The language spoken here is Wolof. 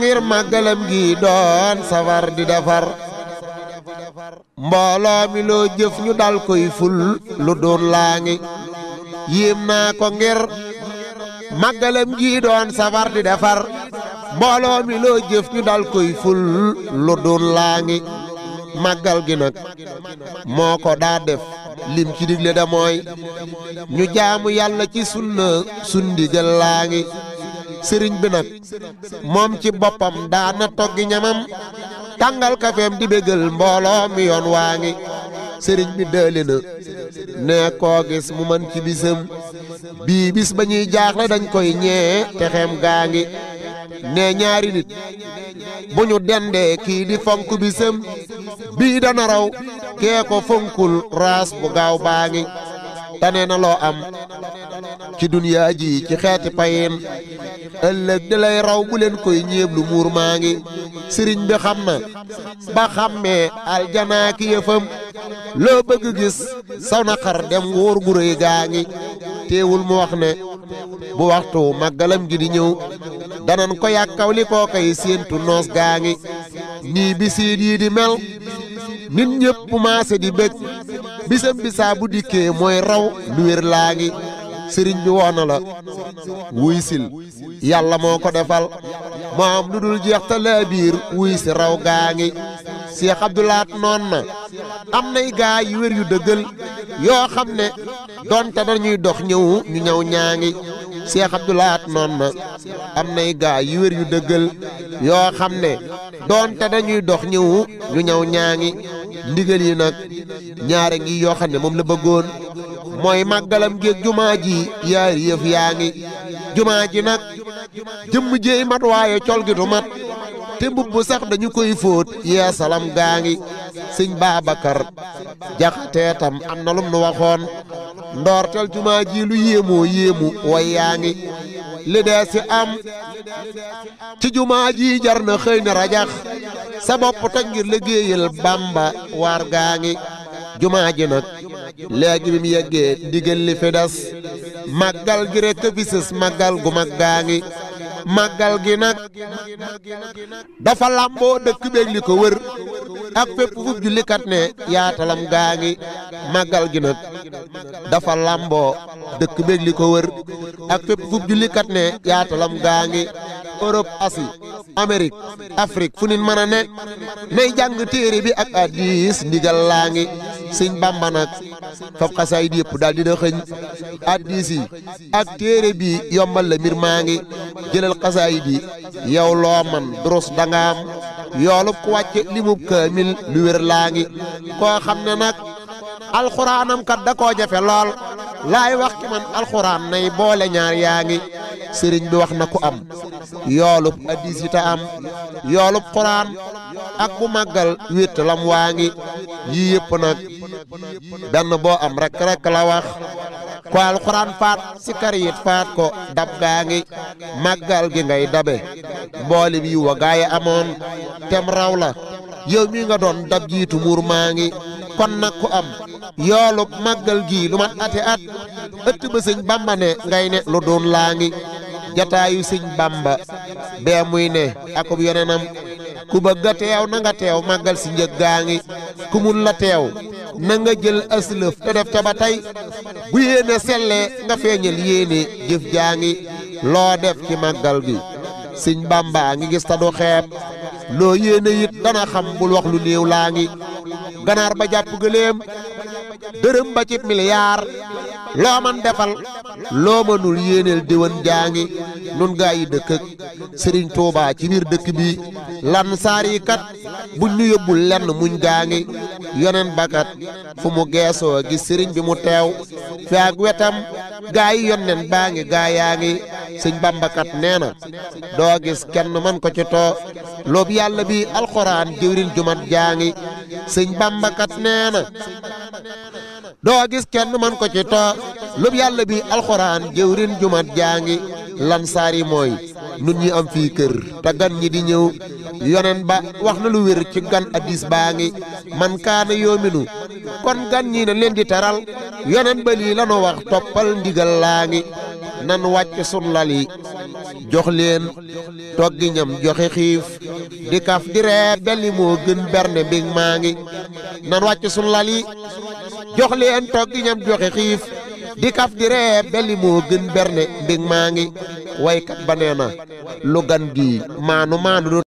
jéem màggalam gi doon safar di defar mbooloo mi loo jëf ñu dal koy ful lu doon laa ngi yéem ko ngir màggalam gi di defar mbooloo ñu dal lu doon laa ngi màggal nag moo ko daa def lim ci digle da ñu jaamu yàlla ci sunna sundi laa ngi sëriñ bi nag moom ci boppam daana toggi ñamam tàngal kafeem di bégal mbooloo mi yoon waa ngi sëriñ bi dëëli na ne koo gis mu man ci bisam bii bis ba ñuy jaaxle dañ koy ñee te gaa ngi ne ñaari nit bu ñu dendee kii di fonk bisam bii dana raw kee ko fonkul raas bu gaaw baa ngi tane na am ci dunyaa ji ci xeeti payin ëllëg di lay raw bu leen koy ñéeblu muur maa ngi sëriñ bi xam na ba xàmmee aljanaa ki yëfam loo bëgg gis saw na dem wóor gu rëy gaa ngi teewul mu wax ne bu waxtu màggalam gi di ñëw danan ko yàkkaw li koo kay séentu noos gaa ngi nii bi siit di mel nit ñëpp maase di bëgg bisam bisaa bu dikkee mooy raw lu wér laa ngi sëriñ bi woo na la wuy sil yàlla moo ko defal moo am lu dul jeex te laa biir wuy si raw gaa ngi Seex Abdulaat noon na am nay gaa yu wér yu dëggal yoo xam ne donte dañuy dox ñëwu ñu ñëw ñaa ngi Seex Abdulaat noon na am nay gaa yu wér yu dëggal yoo xam ne donte dañuy dox ñëwu ñu ñaw ñaa ngi ndigal yi nag ñaare ngi yoo moom la bëggoon mooy màggalam géeg jumaa ji yaari yëf yaa ngi jumaa nag jëmm jéey mat waaye col gi du mat te mbubb sax dañu koy fóot yeesalam gaa ngi sëñ Babacar am na lum nu waxoon ndoortel jumaa ji lu yéemoo yéemu way yaa ngi li am ci jumaa ji jar na xëy na rajax sa bopp ngir liggéeyal Bamba waar gaa ngi jumaa ji nag léegi bi mu yeggee ndigal li fi des gi rekk fi sës màggal gu mag gaa ngi màggal gi nag dafa làmboo dëkk beeg li ko wër ak fépp fu jullikat ne yaatalam gaa ngi màggal gi nag dafa làmboo dëkk beeg li ko wër ak fépp fu jullikat ne yaatalam gaa ngi Europe Asie Amérique Afrique fu nit mën a ne nay jàng téere bi ak hadiis ndigal laa ngi sëñ Bàmba nag fab xasaayid yëpp daal dina xëñ addis ak téere bi yombal la mbir maa ngi jëlal xasaayid yi yow loo man durus dangaam yoolub ku wàcce limub kaamil lu wér laa ngi koo xam ne nag alxuraanam kat da koo jafe lool laay wax ki man alxuraan nay boole ñaar yaa ngi sëriñ bi wax na ku am yoolub addis am yoolub xuraan ak bu màggal wéttalam waa ngi yii yëpp nag benn boo am rek rek la wax ko alxuraan faat si faat ko dab gaa ngi màggal gi ngay dabe mboolim yi wa gaay amoon tem raw la yow mi nga doon dab jiitu muur maa ngi kon nag ku am yoolub màggal gii lu mat ati at ëtt ba sëñ bamba ne ngay ne lu doon laa ngi jataayu sëñ bamba bee muy ne akub yonenam ku bëgg a teew na nga teew màggal si njëg gaa ngi ku la teew na nga jël aslëf te def ca ba tey bu yéene sellee nga feeñal yéene jëf jaa ngi loo def ci màggal bi sëñ Bàmba ngi gis ta du xeeb loo yéene it dana xam bul wax néew laa ngi ganaar ba jàpp gëléem dërëm ba ci miliyaar loo man defal loo mënul yéeneel diwan jaa ngi nun gaa yi dëkk sëriñ Tuubaa ci biir dëkk bi lan saar buñ ñu yóbbul lenn muñ gaa ngi yonen bakat fu mu geesoo gis sëriñ bi mu teew fi ak wetam gaa yonen baa ngi gaa yaa ngi sëñ bambakat nee na doo gis kenn man ko ci too loob yàlla bi alxuraan jëwrin jumat jaa ngi sëñ bambakat nee na doo gis kenn man ko ci too lub yàlla bi alxuraan jëwrin jumat jaa ngi lan saari mooy nun ñi am fii kër te gan ñi di ñëw yonen ba wax na lu wér ci gan addis baa ngi man kaana yoominu kon gan ñi na leen di teral yonen ba lii lanu wax toppal ndigal laa ngi nan wàcc sun lal yi jox leen toggi ñam joxe xiif di kaf di reer belli moo gën berne mbing maa ngi nan wàcc sun yi jox leen togg ñam joxe xiif di kaf di ree belli moo gën berne mbég maa ngi waykat ba nee na lu gan gi maanu maanu